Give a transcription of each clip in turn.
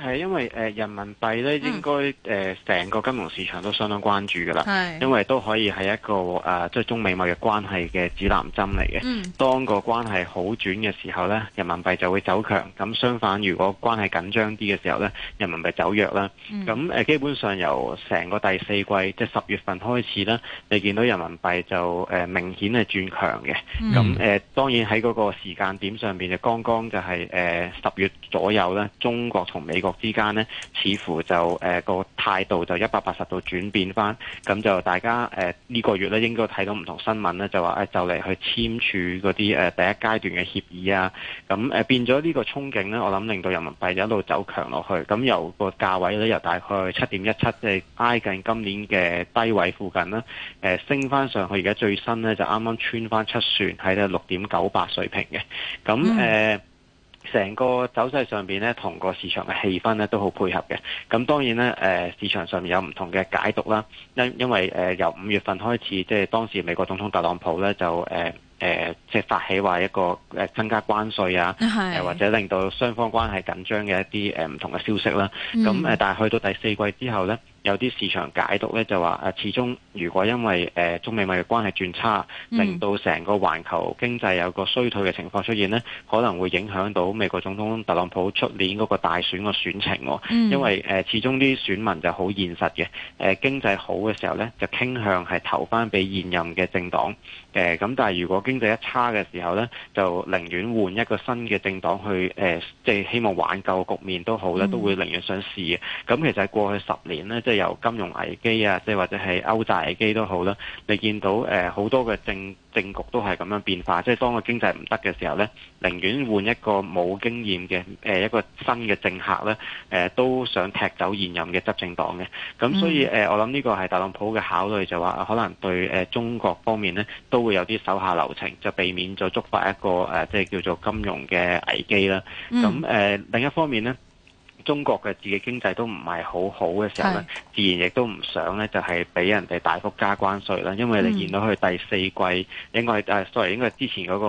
係因為誒人民幣咧，應該誒成個金融市場都相當關注㗎啦。因為都可以係一個誒，即係中美貿易關係嘅指南針嚟嘅。當個關係好轉嘅時候咧，人民幣就會走強；咁相反，如果關係緊張啲嘅時候咧，人民幣走弱啦。咁誒基本上由成個第四季即係十月份開始啦，你見到人民幣就誒明顯係轉強嘅。咁誒當然喺嗰個時間點上面，就剛剛就係誒十月左右咧，中國同美國，之間咧，似乎就誒、呃，個態度就一百八十度轉變翻，咁就大家誒呢、呃呢個月咧，應該睇到唔同新聞呢就話誒、呃、就嚟去簽署嗰啲誒第一階段嘅協議啊，咁誒、呃、變咗呢個憧憬呢我諗令到人民幣一路走強落去，咁由個價位咧由大概七點一七，即係挨近今年嘅低位附近啦，誒、呃、升翻上去，而家最新呢，就啱啱穿翻七船，喺呢六點九八水平嘅，咁誒。嗯呃成個走勢上面咧，同個市場嘅氣氛咧都好配合嘅。咁當然咧、呃，市場上面有唔同嘅解讀啦。因因為、呃、由五月份開始，即係當時美國總統特朗普咧就、呃呃、即係發起話一個、呃、增加關稅啊，或者令到雙方關係緊張嘅一啲、呃、唔同嘅消息啦。咁但係去到第四季之後咧，有啲市場解讀咧，就話始終如果因為、呃、中美貿易嘅關係轉差，mm. 令到成個環球經濟有個衰退嘅情況出現咧，可能會影響到美國總統特朗普出年嗰個大選個選情、哦，mm. 因為、呃、始終啲選民就好現實嘅、呃，經濟好嘅時候咧，就傾向係投翻俾現任嘅政黨。誒咁，但係如果經濟一差嘅時候呢，就寧願換一個新嘅政黨去誒、呃，即係希望挽救局面都好咧，都會寧願想試嘅。咁其實過去十年呢，即係由金融危機啊，即係或者係歐債危機都好啦，你見到誒好多嘅政政局都係咁樣變化，即係當個經濟唔得嘅時候呢，寧願換一個冇經驗嘅誒一個新嘅政客呢誒、呃、都想踢走現任嘅執政黨嘅。咁所以誒、嗯，我諗呢個係特朗普嘅考慮就，就話可能對誒中國方面呢都會有啲手下留情，就避免咗觸發一個誒即係叫做金融嘅危機啦。咁誒、呃、另一方面呢。中國嘅自己經濟都唔係好好嘅時候咧，自然亦都唔想咧就係、是、俾人哋大幅加關稅啦。因為你見到去第四季，嗯、應該誒、啊、sorry，應該之前嗰、那個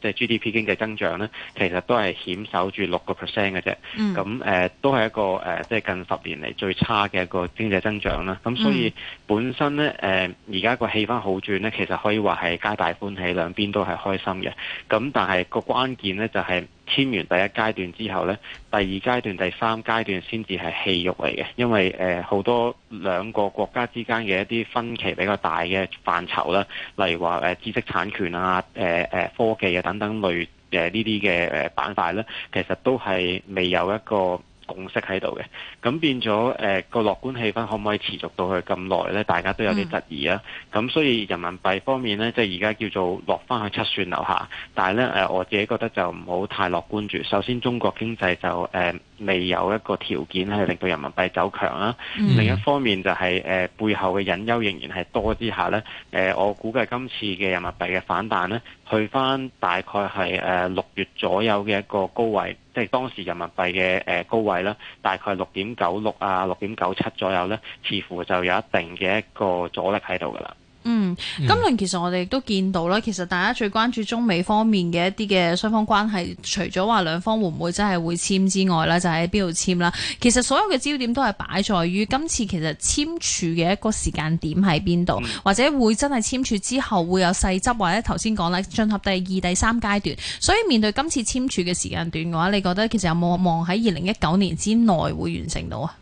即係、啊就是、GDP 經濟增長咧，其實都係險守住六個 percent 嘅啫。咁誒、嗯呃、都係一個誒，即、呃、係、就是、近十年嚟最差嘅一個經濟增長啦。咁所以本身咧誒，而家個氣氛好轉咧，其實可以話係皆大歡喜，兩邊都係開心嘅。咁但係個關鍵咧就係、是。簽完第一階段之後呢，第二階段、第三階段先至係戲肉嚟嘅，因為誒好、呃、多兩個國家之間嘅一啲分歧比較大嘅範疇啦，例如話、呃、知識產權啊、呃、科技啊等等類誒呢啲嘅板塊咧，其實都係未有一個共識喺度嘅，咁變咗，誒個樂觀氣氛可唔可以持續到去咁耐呢？大家都有啲質疑啊，咁、嗯、所以人民幣方面呢，即係而家叫做落翻去七算樓下，但係呢，誒我自己覺得就唔好太樂觀住。首先，中國經濟就誒、呃、未有一個條件係令到人民幣走強啦、嗯。另一方面就係、是、誒、呃、背後嘅隱憂仍然係多之下呢。誒、呃、我估計今次嘅人民幣嘅反彈呢，去翻大概係誒六月左右嘅一個高位。即係當時人民幣嘅誒高位啦，大概六點九六啊、六點九七左右咧，似乎就有一定嘅一個阻力喺度㗎啦。嗯，今輪其實我哋都見到啦，其實大家最關注中美方面嘅一啲嘅雙方關係，除咗話兩方會唔會真係會簽之外啦，就喺邊度簽啦？其實所有嘅焦點都係擺在於今次其實簽署嘅一個時間點喺邊度，嗯、或者會真係簽署之後會有細則，或者頭先講啦，進入第二、第三階段。所以面對今次簽署嘅時間段嘅話，你覺得其實有冇望喺二零一九年之內會完成到啊？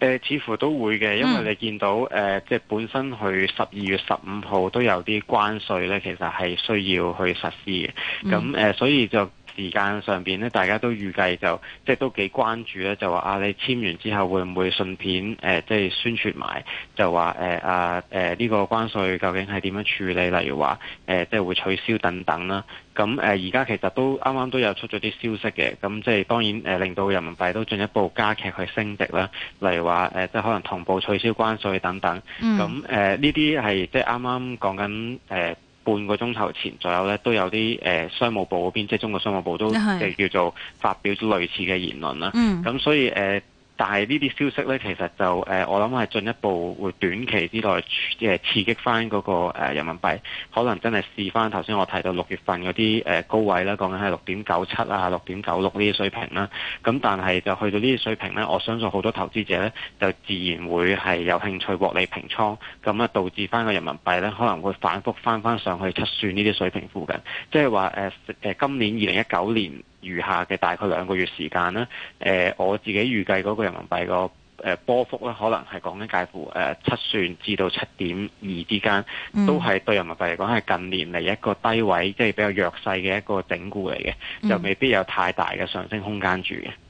誒似乎都會嘅，因為你見到誒、嗯呃、即係本身佢十二月十五號都有啲關稅咧，其實係需要去實施嘅。咁、嗯、誒、呃，所以就時間上邊咧，大家都預計就即係都幾關注咧，就話啊，你簽完之後會唔會順便誒、呃、即係宣傳埋，就話誒啊誒呢個關稅究竟係點樣處理？例如話誒、呃，即係會取消等等啦。咁誒而家其實都啱啱都有出咗啲消息嘅，咁即係當然、呃、令到人民幣都進一步加劇去升值啦。例如話、呃、即係可能同步取消關稅等等。咁誒呢啲係即係啱啱講緊半個鐘頭前左右咧，都有啲誒、呃、商務部嗰邊，即係中國商務部都即係叫做發表類似嘅言論啦。咁、嗯、所以誒。呃但係呢啲消息呢，其實就誒，我諗係進一步會短期之內刺激翻嗰個，呃，人民幣，可能真係試翻頭先我提到六月份嗰啲高位啦，講緊係六點九七啊、六點九六呢啲水平啦。咁但係就去到呢啲水平呢，我相信好多投資者呢，就自然會係有興趣獲利平倉，咁啊導致翻個人民幣呢，可能會反覆翻翻上去七算呢啲水平附近，即係話誒今年二零一九年。餘下嘅大概兩個月時間啦，誒、呃、我自己預計嗰個人民幣個誒波幅咧，可能係講緊介乎誒、呃、七算至到七點二之間，嗯，都係對人民幣嚟講係近年嚟一個低位，即、就、係、是、比較弱勢嘅一個整固嚟嘅，就未必有太大嘅上升空間住嘅。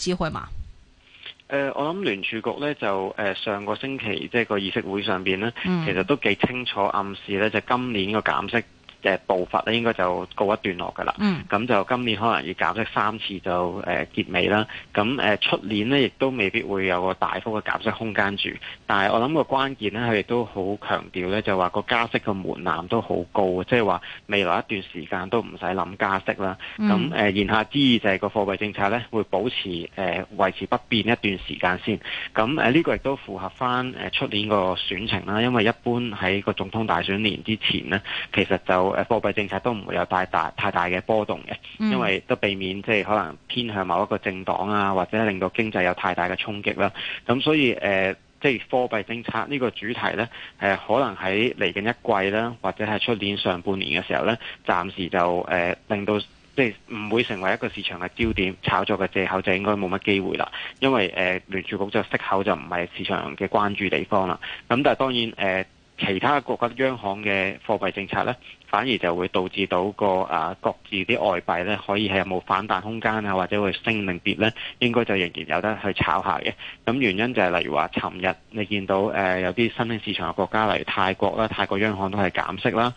機會嘛？誒、呃，我諗聯儲局咧就誒、呃，上個星期即係、就是、個議息會上邊咧，其實都幾清楚暗示咧，就是、今年個減息，嘅步伐咧，應該就告一段落噶啦。咁、嗯、就今年可能要減息三次就誒結尾啦。咁誒出年呢，亦都未必會有個大幅嘅減息空間住。但係我諗個關鍵呢，佢亦都好強調呢，就話個加息嘅門檻都好高，即係話未來一段時間都唔使諗加息啦。咁、嗯、誒言下之意就係個貨幣政策呢會保持誒維持不變一段時間先。咁誒呢個亦都符合翻誒出年個選情啦，因為一般喺個總統大選年之前呢，其實就誒貨幣政策都唔會有太大太大嘅波動嘅，因為都避免即係、就是、可能偏向某一個政黨啊，或者令到經濟有太大嘅衝擊啦。咁所以誒，即、呃、係、就是、貨幣政策呢個主題呢，誒、呃、可能喺嚟緊一季啦，或者係出年上半年嘅時候呢，暫時就誒、呃、令到即係唔會成為一個市場嘅焦點、炒作嘅藉口，就應該冇乜機會啦。因為誒、呃、聯儲局就息口就唔係市場嘅關注地方啦。咁但係當然誒、呃其他國家的央行嘅貨幣政策咧，反而就會導致到個啊各自啲外幣咧，可以係有冇反彈空間啊，或者會升定跌咧，應該就仍然有得去炒下嘅。咁原因就係、是、例如話，尋日你見到誒、呃、有啲新興市場嘅國家，例如泰國啦，泰國央行都係減息啦，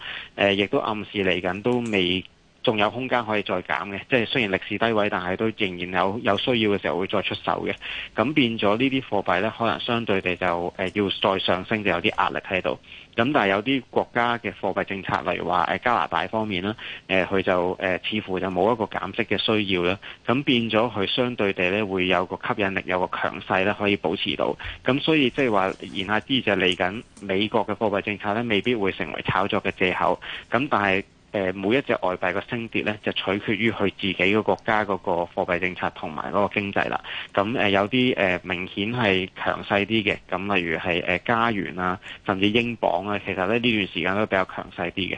亦、呃、都暗示嚟緊都未。仲有空間可以再減嘅，即係雖然歷史低位，但係都仍然有有需要嘅時候會再出手嘅。咁變咗呢啲貨幣呢，可能相對地就、呃、要再上升就有啲壓力喺度。咁但係有啲國家嘅貨幣政策，例如話加拿大方面啦，佢、呃、就、呃、似乎就冇一個減息嘅需要啦。咁變咗佢相對地呢會有個吸引力，有個強勢呢可以保持到。咁所以即係話，言下之意就嚟緊美國嘅貨幣政策呢，未必會成為炒作嘅藉口。咁但係。誒每一隻外幣嘅升跌咧，就取決於佢自己嘅國家嗰個貨幣政策同埋嗰個經濟啦。咁誒有啲誒明顯係強勢啲嘅，咁例如係誒加元啊，甚至英鎊啊，其實咧呢段時間都比較強勢啲嘅。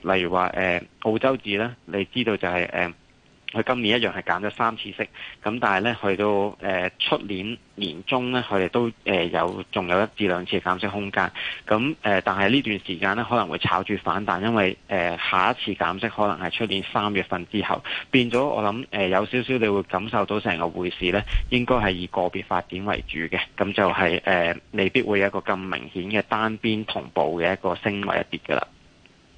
誒例如話誒澳洲紙咧，你知道就係、是、誒。佢今年一樣係減咗三次息，咁但係咧去到誒出年年中咧，佢哋都有仲有一至兩次嘅減息空間。咁、呃、但係呢段時間咧可能會炒住反彈，因為誒、呃、下一次減息可能係出年三月份之後，變咗我諗誒、呃、有少少你會感受到成個匯市咧，應該係以個別發展為主嘅，咁就係誒未必會有一個咁明顯嘅單邊同步嘅一個升或一跌㗎啦。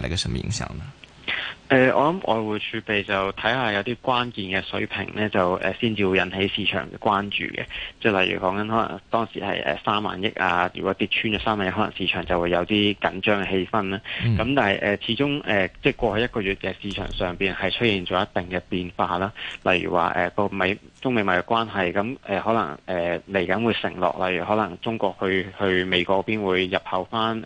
帶嚟個什麼影響呢？誒、呃，我諗外匯儲備就睇下有啲關鍵嘅水平咧，就誒先至會引起市場嘅關注嘅。即係例如講緊可能當時係誒三萬億啊，如果跌穿咗三萬億，可能市場就會有啲緊張嘅氣氛啦。咁、嗯、但係誒、呃、始終誒、呃，即係過去一個月嘅市場上邊係出現咗一定嘅變化啦。例如話誒個美中美貿易關係咁、呃、可能誒嚟緊會承諾，例如可能中國去去美國邊會入口翻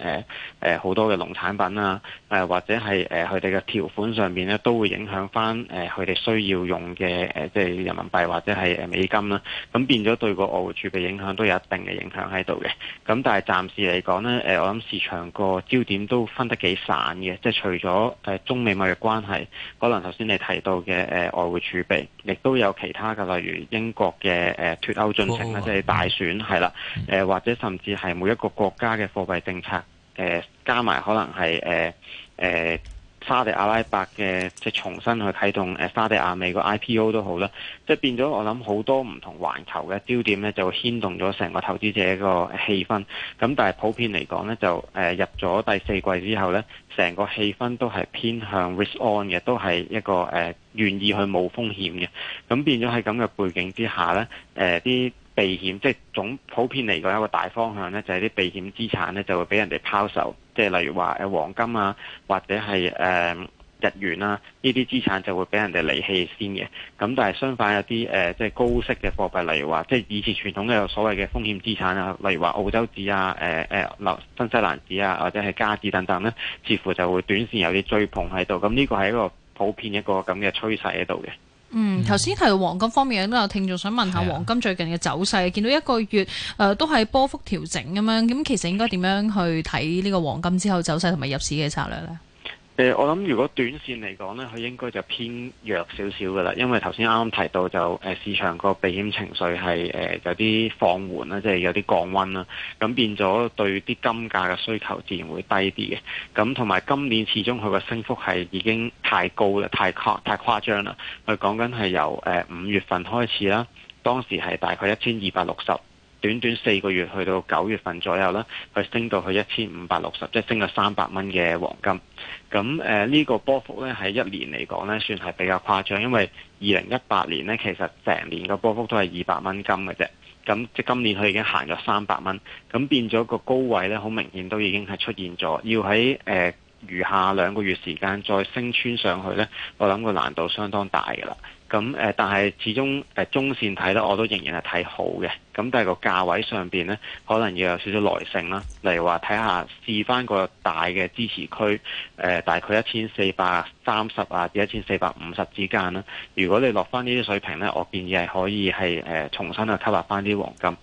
誒好多嘅農產品啊、呃，或者係誒佢哋嘅條款上面咧都會影響翻誒佢哋需要用嘅、呃、即係人民幣或者係美金啦，咁變咗對個外匯儲備影響都有一定嘅影響喺度嘅。咁但係暫時嚟講咧，我諗市場個焦點都分得幾散嘅，即係除咗、呃、中美貿易關係，可能頭先你提到嘅、呃、外匯儲備，亦都有其他嘅類。如英國嘅誒脫歐進程啊，即係、就是、大選係啦，誒、呃、或者甚至係每一個國家嘅貨幣政策，誒、呃、加埋可能係誒誒。呃呃沙地阿拉伯嘅即係重新去啟動，誒沙地亞美個 IPO 都好啦，即係變咗我諗好多唔同環球嘅焦點咧，就牽動咗成個投資者個氣氛。咁但係普遍嚟講咧，就誒入咗第四季之後咧，成個氣氛都係偏向 risk-on 嘅，都係一個誒願、呃、意去冒風險嘅。咁變咗喺咁嘅背景之下咧，誒、呃、啲。避險即係總普遍嚟講有個大方向咧，就係、是、啲避險資產咧就會俾人哋拋售，即係例如話誒黃金啊，或者係誒、呃、日元啦、啊，呢啲資產就會俾人哋離棄先嘅。咁但係相反有啲誒即係高息嘅貨幣，例如話即係以前傳統嘅所謂嘅風險資產啊，例如話澳洲紙啊、誒、呃、誒新西蘭紙啊，或者係加紙等等咧，似乎就會短線有啲追捧喺度。咁呢個係一個普遍一個咁嘅趨勢喺度嘅。嗯，頭先提到黃金方面，都有聽眾想問下黃金最近嘅走勢，見到一個月誒都係波幅調整咁樣，咁其實應該點樣去睇呢個黃金之後走勢同埋入市嘅策略呢？誒、呃，我諗如果短線嚟講呢，佢應該就偏弱少少噶啦，因為頭先啱啱提到就誒、呃，市場個避險情緒係誒、呃、有啲放緩啦，即係有啲降溫啦，咁變咗對啲金價嘅需求自然會低啲嘅。咁同埋今年始終佢個升幅係已經太高啦，太誇太誇張啦。我講緊係由誒五、呃、月份開始啦，當時係大概一千二百六十。短短四個月去到九月份左右啦，去升到去一千五百六十，即係升咗三百蚊嘅黃金。咁誒呢個波幅咧，喺一年嚟講咧，算係比較誇張，因為二零一八年咧，其實成年嘅波幅都係二百蚊金嘅啫。咁即今年佢已經行咗三百蚊，咁變咗個高位咧，好明顯都已經係出現咗，要喺誒餘下兩個月時間再升穿上去咧，我諗個難度相當大嘅啦。咁誒，但係始終誒中線睇咧，我都仍然係睇好嘅。咁但係個價位上邊咧，可能要有少少耐性啦。例如話睇下試翻個大嘅支持區，誒大概一千四百三十啊至一千四百五十之間啦。如果你落翻呢啲水平咧，我建議係可以係誒重新去吸納翻啲黃金。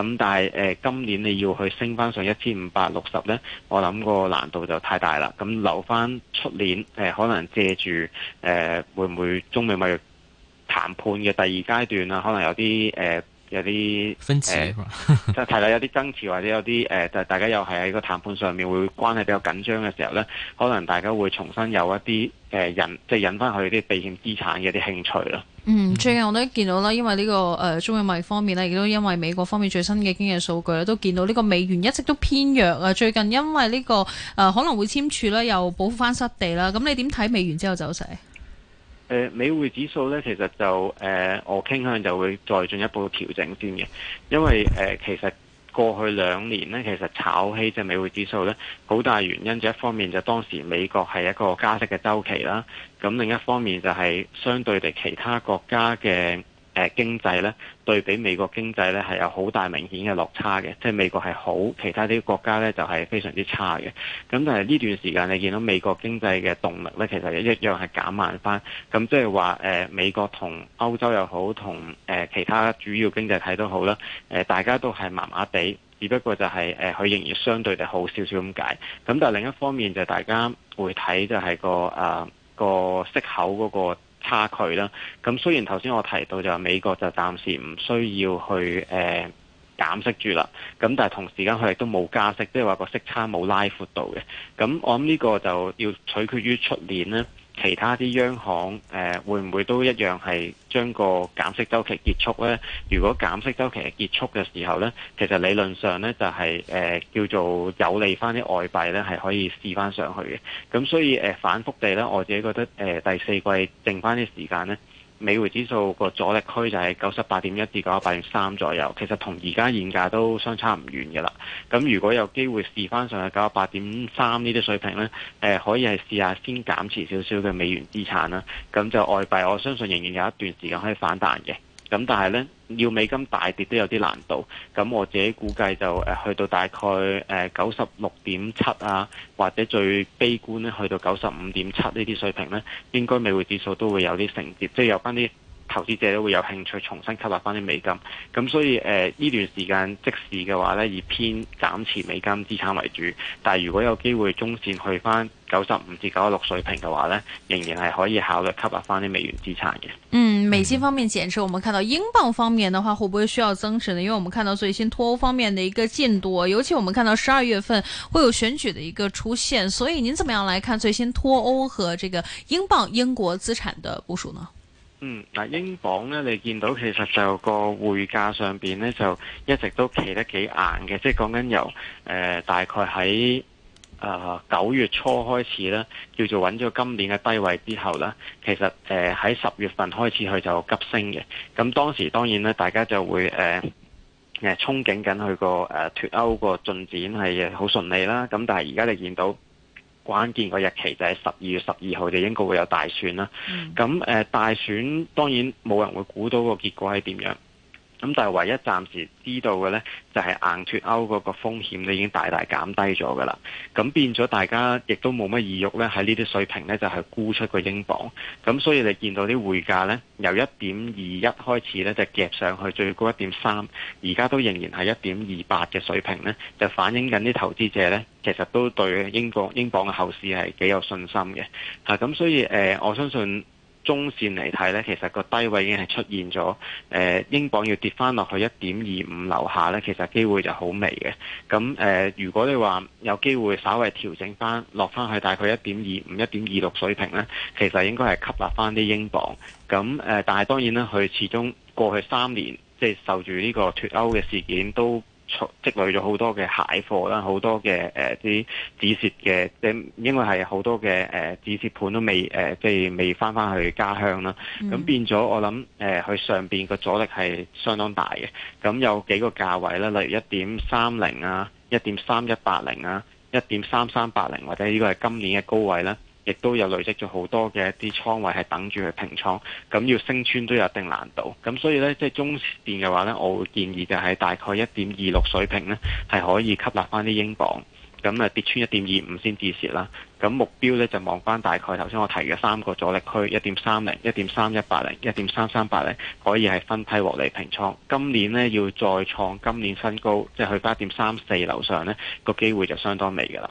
咁但係誒今年你要去升翻上一千五百六十咧，我諗個難度就太大啦。咁留翻出年誒，可能借住誒會唔會中美貿易談判嘅第二階段啊，可能有啲誒、呃，有啲分歧，即係睇嚟有啲爭持，或者有啲誒，就、呃、大家又係喺個談判上面會關係比較緊張嘅時候咧，可能大家會重新有一啲誒、呃、引，即係引翻去啲避險資產嘅啲興趣咯。嗯，最近我都見到啦，因為呢、這個誒、呃、中美貿易方面咧，亦都因為美國方面最新嘅經濟數據咧，都見到呢個美元一直都偏弱啊。最近因為呢、這個誒、呃、可能會簽署咧，又保翻失地啦，咁你點睇美元之後走勢？誒、呃，美匯指數咧，其實就誒、呃，我傾向就會再進一步調整先嘅，因為誒、呃，其實過去兩年呢，其實炒起隻美匯指數咧，好大原因，就一方面就當時美國係一個加息嘅周期啦，咁另一方面就係相對地其他國家嘅。誒經濟咧對比美國經濟咧係有好大明顯嘅落差嘅，即係美國係好，其他啲國家咧就係、是、非常之差嘅。咁但係呢段時間你見到美國經濟嘅動力咧，其實一樣係減慢翻。咁即係話誒美國同歐洲又好，同、呃、其他主要經濟體都好啦、呃。大家都係麻麻地，只不過就係、是、佢、呃、仍然相對地好少少咁解。咁但係另一方面就係、大家會睇就係個誒、呃、個息口嗰、嗰個。差距啦，咁雖然頭先我提到就話美國就暫時唔需要去誒、呃、減息住啦，咁但係同時間佢哋都冇加息，即係話個息差冇拉闊度嘅，咁我諗呢個就要取決於出年咧。其他啲央行誒、呃、會唔會都一樣係將個減息週期結束呢？如果減息週期結束嘅時候呢，其實理論上呢、就是，就係誒叫做有利翻啲外幣呢，係可以試翻上去嘅。咁所以、呃、反覆地呢，我自己覺得誒、呃、第四季剩翻啲時間呢。美匯指數個阻力區就係九十八點一至九十八點三左右，其實同而家現價都相差唔遠嘅啦。咁如果有機會試翻上去九十八點三呢啲水平呢，誒、呃、可以係試下先減持少少嘅美元資產啦。咁就外幣，我相信仍然有一段時間可以反彈嘅。咁但係呢，要美金大跌都有啲難度。咁我自己估計就去到大概誒九十六點七啊，或者最悲觀呢，去到九十五點七呢啲水平呢，應該美匯指數都會有啲承接，即係有翻啲。投資者都會有興趣重新吸納翻啲美金，咁所以誒呢、呃、段時間即使嘅話呢，以偏減持美金資產為主。但係如果有機會中線去翻九十五至九十六水平嘅話呢，仍然係可以考慮吸納翻啲美元資產嘅。嗯，美金方面減持，我們看到英鎊方面嘅話，會不會需要增持呢？因為我們看到最新脱歐方面嘅一個進度，尤其我們看到十二月份會有選舉嘅一個出現，所以您怎麼樣來看最新脱歐和這個英鎊英國資產的部署呢？嗯，嗱，英鎊咧，你見到其實就個匯價上面咧，就一直都企得幾硬嘅，即係講緊由、呃、大概喺啊九月初開始咧，叫做搵咗今年嘅低位之後啦，其實誒喺十月份開始佢就急升嘅，咁當時當然咧，大家就會誒誒、呃、憧憬緊佢個脫歐個進展係好順利啦，咁但係而家你見到。關鍵個日期就係十二月十二號，就應該會有大選啦。咁，誒，大選當然冇人會估到個結果係點樣。咁但係唯一暫時知道嘅呢，就係硬脱歐嗰個風險已經大大減低咗㗎啦。咁變咗大家亦都冇乜意欲呢，喺呢啲水平呢，就係沽出個英鎊。咁所以你見到啲匯價呢，由一點二一開始呢，就夾上去最高一點三，而家都仍然係一點二八嘅水平呢，就反映緊啲投資者呢，其實都對英國英鎊嘅後市係幾有信心嘅。嚇咁所以誒，我相信。中線嚟睇呢，其實個低位已經係出現咗。誒、呃，英鎊要跌翻落去一點二五樓下呢，其實機會就好微嘅。咁誒、呃，如果你話有機會稍微調整翻落翻去大概一點二五、一點二六水平呢，其實應該係吸納翻啲英鎊。咁誒、呃，但係當然啦，佢始終過去三年即係、就是、受住呢個脫歐嘅事件都。積累咗好多嘅蟹貨啦，好多嘅誒啲止蝕嘅，即係因為係好多嘅誒止蝕盤都未誒即係未翻翻去家鄉啦，咁、嗯、變咗我諗誒佢上邊個阻力係相當大嘅，咁有幾個價位啦，例如一點三零啊，一點三一八零啊，一點三三八零或者呢個係今年嘅高位啦。亦都有累積咗好多嘅一啲倉位係等住去平倉，咁要升穿都有一定難度。咁所以呢，即係中線嘅話呢，我會建議就係大概一點二六水平呢，係可以吸納翻啲英鎊。咁啊跌穿一點二五先止蝕啦。咁目標呢，就望翻大概頭先我提嘅三個阻力區：一點三零、一點三一八零、一點三三八零，可以係分批獲利平倉。今年呢，要再創今年新高，即係去翻一點三四樓上呢，個機會就相當微㗎啦。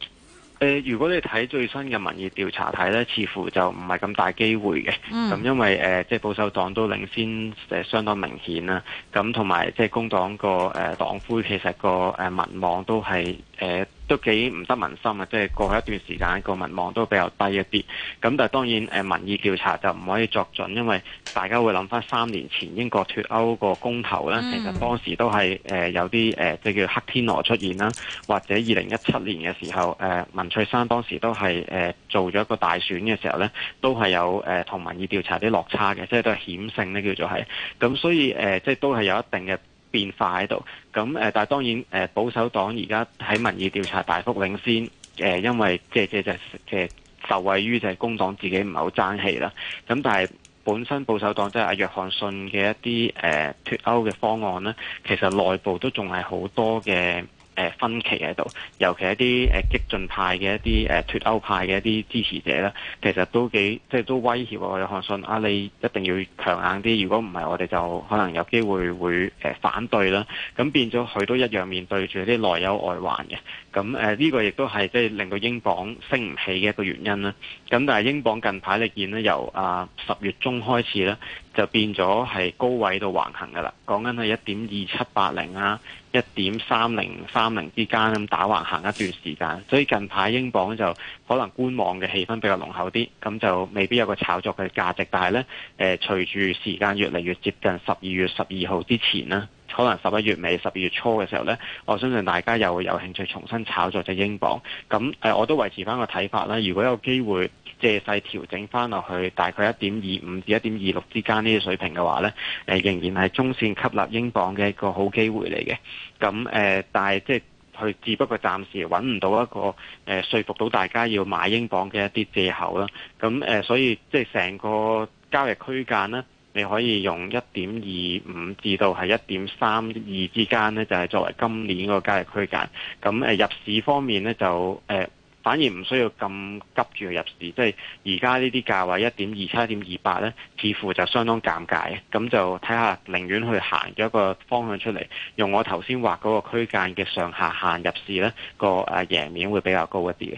誒，如果你睇最新嘅民意調查睇咧，似乎就唔係咁大機會嘅。咁、嗯、因為誒，即、呃、係、就是、保守黨都領先，呃、相當明顯啦。咁同埋即係工黨個誒、呃、黨魁，其實個誒、呃、民望都係誒。呃都幾唔得民心啊！即係過去一段時間，個民望都比較低一啲。咁但當然，民意調查就唔可以作準，因為大家會諗翻三年前英國脱歐個公投咧、嗯，其實當時都係有啲即係叫黑天鵝出現啦，或者二零一七年嘅時候，誒文翠珊當時都係做咗一個大選嘅時候咧，都係有同民意調查啲落差嘅，即係都係險勝，呢叫做係。咁所以即係都係有一定嘅變化喺度。咁但當然保守黨而家喺民意調查大幅領先，因為即係即係受惠於就係工黨自己唔係好爭氣啦。咁但係本身保守黨即係阿約翰遜嘅一啲誒脱歐嘅方案呢，其實內部都仲係好多嘅。誒、呃、分歧喺度，尤其一啲、啊、激進派嘅一啲誒脱歐派嘅一啲支持者咧，其實都幾即係都威脅我哋相信啊，你一定要強硬啲，如果唔係，我哋就可能有機會會、啊、反對啦。咁變咗佢都一樣面對住啲內憂外患嘅。咁呢、啊呢個亦都係即係令到英鎊升唔起嘅一個原因啦。咁但係英鎊近排你見呢，由啊十月中開始咧。就變咗係高位度橫行嘅啦，講緊係一點二七八零啊，一點三零三零之間咁打橫行一段時間。所以近排英鎊就可能觀望嘅氣氛比較濃厚啲，咁就未必有個炒作嘅價值。但係呢，誒、呃、隨住時間越嚟越接近十二月十二號之前啦，可能十一月尾、十二月初嘅時候呢，我相信大家又會有興趣重新炒作隻英鎊。咁、呃、我都維持返個睇法啦。如果有機會，借勢調整翻落去，大概一點二五至一點二六之間呢啲水平嘅話呢，誒仍然係中線吸納英鎊嘅一個好機會嚟嘅。咁誒、呃，但係即係佢只不過暫時揾唔到一個誒、呃、說服到大家要買英鎊嘅一啲藉口啦。咁誒、呃，所以即係成個交易區間呢，你可以用一點二五至到係一點三二之間呢，就係、是、作為今年個交易區間。咁誒、呃、入市方面呢，就誒。呃反而唔需要咁急住去入市，即係而家呢啲價位一點二七、一點二八呢，似乎就相當尷尬，咁就睇下，寧願去行咗一個方向出嚟，用我頭先畫嗰個區間嘅上下限入市呢，個誒贏面會比較高一啲嘅。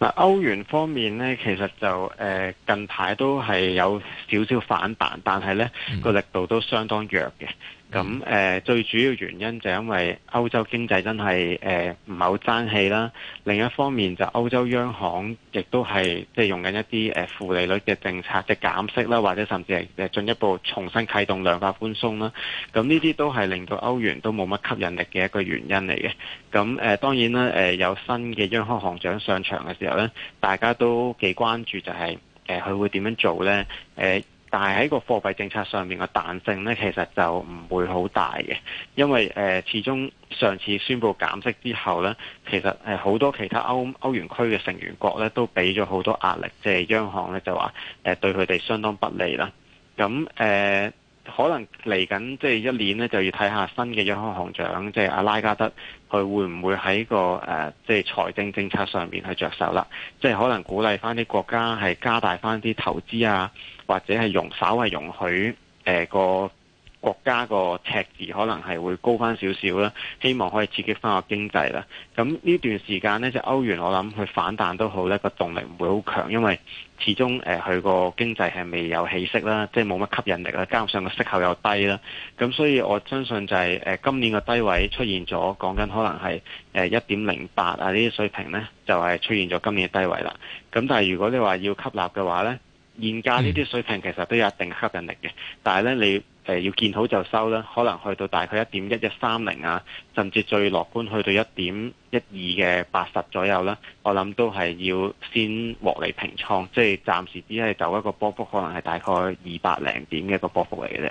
嗱，歐元方面咧，其實就誒近排都係有少少反彈，但係咧個力度都相當弱嘅。咁誒、呃、最主要原因就因為歐洲經濟真係誒唔係好爭氣啦。另一方面就歐洲央行亦都係即係用緊一啲誒、呃、負利率嘅政策，即係減息啦，或者甚至係進一步重新啟動量化寬鬆啦。咁呢啲都係令到歐元都冇乜吸引力嘅一個原因嚟嘅。咁誒、呃、當然啦，呃、有新嘅央行行長上場嘅時候咧，大家都幾關注就係誒佢會點樣做咧，呃但係喺個貨幣政策上面嘅彈性呢，其實就唔會好大嘅，因為誒、呃、始終上次宣布減息之後呢，其實誒好、呃、多其他歐歐元區嘅成員國呢都俾咗好多壓力，即係央行呢就話誒、呃、對佢哋相當不利啦。咁誒。呃可能嚟緊即係一年呢就要睇下新嘅央行行長即係、就是、阿拉加德，佢會唔會喺、這個即係、啊就是、財政政策上面去着手啦？即、就、係、是、可能鼓勵翻啲國家係加大翻啲投資啊，或者係容稍微容許、啊、個。國家個赤字可能係會高翻少少啦，希望可以刺激翻個經濟啦。咁呢段時間呢就歐元我諗佢反彈都好呢個動力唔會好強，因為始終佢個經濟係未有起色啦，即係冇乜吸引力啦，加上個息口又低啦。咁所以我相信就係誒今年嘅低位出現咗，講緊可能係誒一點零八啊呢啲水平呢，就係、是、出現咗今年嘅低位啦。咁但係如果你話要吸納嘅話呢，現價呢啲水平其實都有一定吸引力嘅，但係呢你。誒要見好就收啦，可能去到大概一點一一三零啊，甚至最樂觀去到一點一二嘅八十左右啦，我諗都係要先獲利平倉，即係暫時只係走一個波幅，可能係大概二百零點嘅一個波幅嚟嘅啫。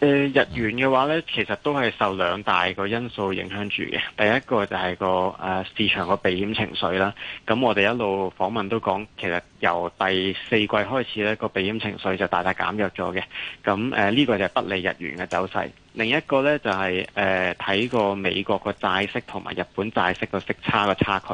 呃、日元嘅話咧，其實都係受兩大個因素影響住嘅。第一個就係個、呃、市場個避險情緒啦。咁我哋一路訪問都講，其實由第四季開始咧，個避險情緒就大大減弱咗嘅。咁呢、呃呢個就係不利日元嘅走勢。另一個呢，就係誒睇個美國個債息同埋日本債息個息差個差距，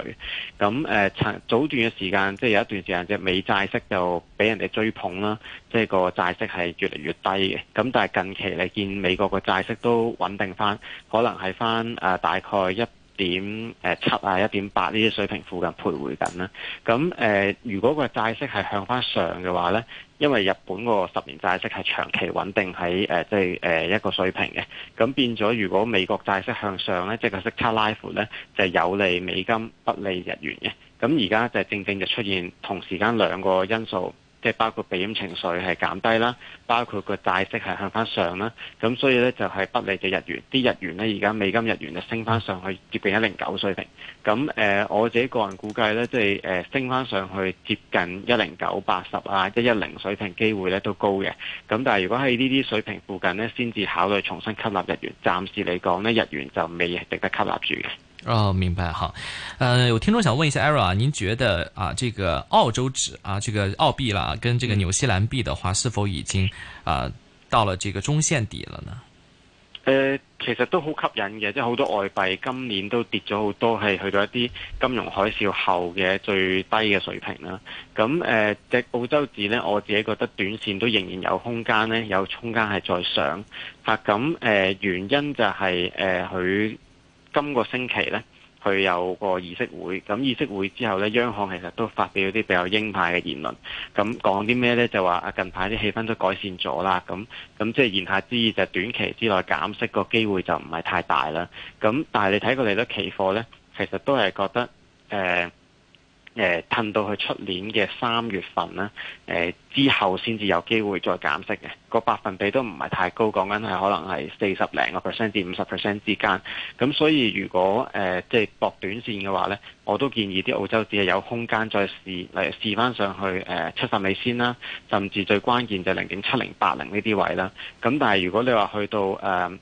咁誒、呃、早段嘅時間即係、就是、有一段時間，隻美債息就俾人哋追捧啦，即、就、係、是、個債息係越嚟越低嘅。咁但係近期你見美國個債息都穩定翻，可能係翻誒大概一。點誒七啊一點八呢啲水平附近徘徊緊啦，咁誒、呃、如果個債息係向翻上嘅話呢，因為日本個十年債息係長期穩定喺誒即係一個水平嘅，咁變咗如果美國債息向上呢，即、就、係、係、息差拉闊呢，就係、有利美金不利日元嘅，咁而家就正正就出現同時間兩個因素。即係包括避險情緒係減低啦，包括個債息係向翻上啦，咁所以咧就係不利嘅日元，啲日元咧而家美金日元就升翻上去接近一零九水平，咁誒我自己個人估計咧，即係誒升翻上去接近一零九八十啊，一一零水平機會咧都高嘅，咁但係如果喺呢啲水平附近咧，先至考慮重新吸納日元，暫時嚟講咧日元就未值得吸納住嘅。哦，明白好，嗯，有、呃、聽眾想問一下 Aaron 啊，您覺得啊，這個澳洲紙啊，這個澳幣啦，跟這個紐西蘭幣的話，是否已經啊到了這個中線底了呢？誒、呃，其實都好吸引嘅，即係好多外幣今年都跌咗好多，係去到一啲金融海嘯後嘅最低嘅水平啦。咁誒，隻、呃、澳洲紙呢，我自己覺得短線都仍然有空間咧，有空間係再上吓。咁、啊、誒、呃，原因就係誒佢。呃今個星期呢，佢有個議息會，咁議息會之後呢，央行其實都發表咗啲比較鷹派嘅言論，咁講啲咩呢？就話啊，近排啲氣氛都改善咗啦，咁咁即係言下之意就短期之內減息個機會就唔係太大啦。咁但係你睇過利率期貨呢，其實都係覺得誒。呃誒、呃，褪到去出年嘅三月份啦，誒、呃、之後先至有機會再減息嘅，個百分比都唔係太高，講緊係可能係四十零個 percent 至五十 percent 之間。咁所以如果誒即係博短線嘅話呢，我都建議啲澳洲紙係有空間再試例如試翻上去誒七十美仙啦，甚至最關鍵就零點七零八零呢啲位啦。咁但係如果你話去到誒，呃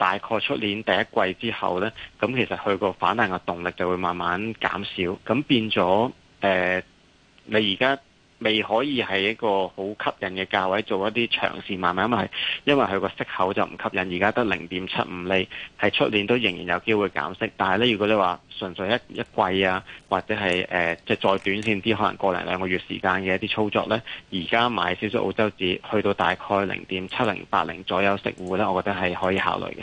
大概出年第一季之後呢，咁其實佢個反彈嘅動力就會慢慢減少，咁變咗呃，你而家未可以係一個好吸引嘅價位做一啲長線慢慢，因為因為佢個息口就唔吸引，而家得零點七五厘，係出年都仍然有機會減息。但係咧，如果你話純粹一一季啊，或者係誒即係再短線啲，可能過零兩個月時間嘅一啲操作咧，而家買少少澳洲紙，去到大概零點七零、八零左右食糊咧，我覺得係可以考慮嘅。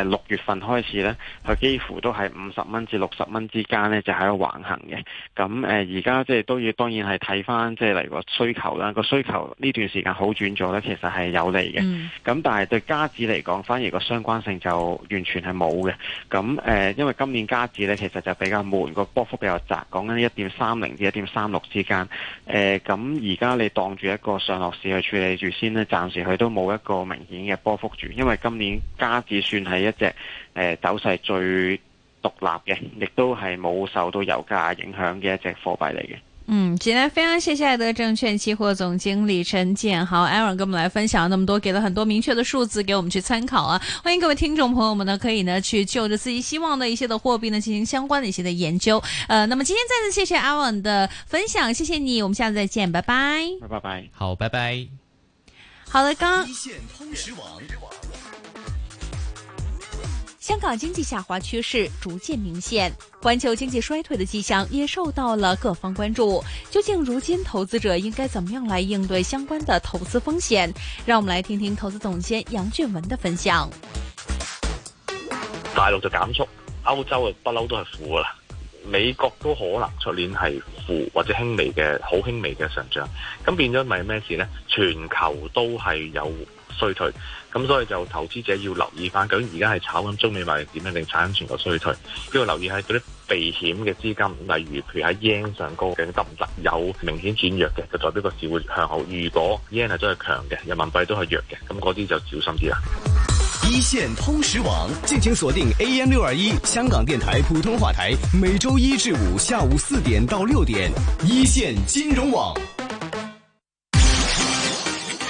誒，六月份開始咧，佢幾乎都係五十蚊至六十蚊之間咧，就喺度橫行嘅。咁誒，而家即係都要，當然係睇返即係嚟個需求啦。個需求呢段時間好轉咗咧，其實係有利嘅。咁、嗯、但係對加紙嚟講，反而個相關性就完全係冇嘅。咁誒、呃，因為今年加紙咧其實就比較悶，個波幅比較窄，講緊一點三零至一點三六之間。誒、呃，咁而家你當住一個上落市去處理住先咧，暫時佢都冇一個明顯嘅波幅住，因為今年加紙算係，一隻誒走勢最獨立嘅，亦都係冇受到油價影響嘅一隻貨幣嚟嘅。嗯，錢非常謝謝艾德證券期貨總經理陳健豪。Aaron 跟我們來分享咁多，給了很多明確的數字給我們去參考啊。歡迎各位聽眾朋友們呢，可以呢去就着自己希望的一些的貨幣呢進行相關的一些的研究。呃，那麼今天再次謝謝 Aaron 的分享，謝謝你，我們下次再見，拜拜。拜拜拜，好，拜拜。好的，咁。香港經濟下滑趨勢逐漸明顯，環球經濟衰退的跡象也受到了各方關注。究竟如今投資者應該怎麼樣來應對相關的投資風險？讓我們來聽聽投資總監楊俊文的分享。大陸就減速，歐洲啊不嬲都係負噶啦，美國都可能出年係負或者輕微嘅好輕微嘅上漲，咁變咗咪咩事呢？全球都係有衰退。咁所以就投資者要留意翻究竟而家係炒緊中美貿易點樣，定炒緊全球衰退？都要留意係嗰啲避險嘅資金，例如佢喺 yen 上高，究竟得唔得？有明顯轉弱嘅，就代表個市會向好。如果 yen 係真係強嘅，人民幣都係弱嘅，咁嗰啲就小心啲啦。一綫通識網，敬請鎖定 AM 六二一香港電台普通話台，每周一至五下午四點到六點。一綫金融網。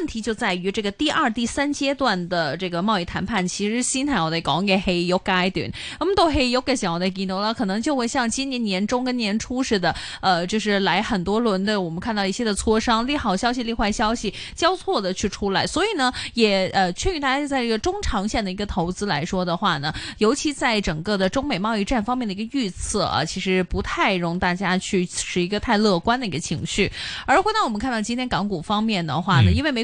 問題就在於這個第二、第三階段的這個貿易談判，其實先係我哋講嘅戲肉階段。咁到戲肉嘅時候，我哋見到咧，可能就會像今年年中跟年初似的，呃，就是來很多輪的，我們看到一些的磋商，利好消息、利壞消息交錯的去出來。所以呢，也呃，勸喻大家，在這個中長線的一個投資來說的話呢，尤其在整個的中美貿易戰方面的一個預測啊，其實不太容大家去持一個太樂觀的一個情緒。而回到我們看到今天港股方面的話呢，因為沒。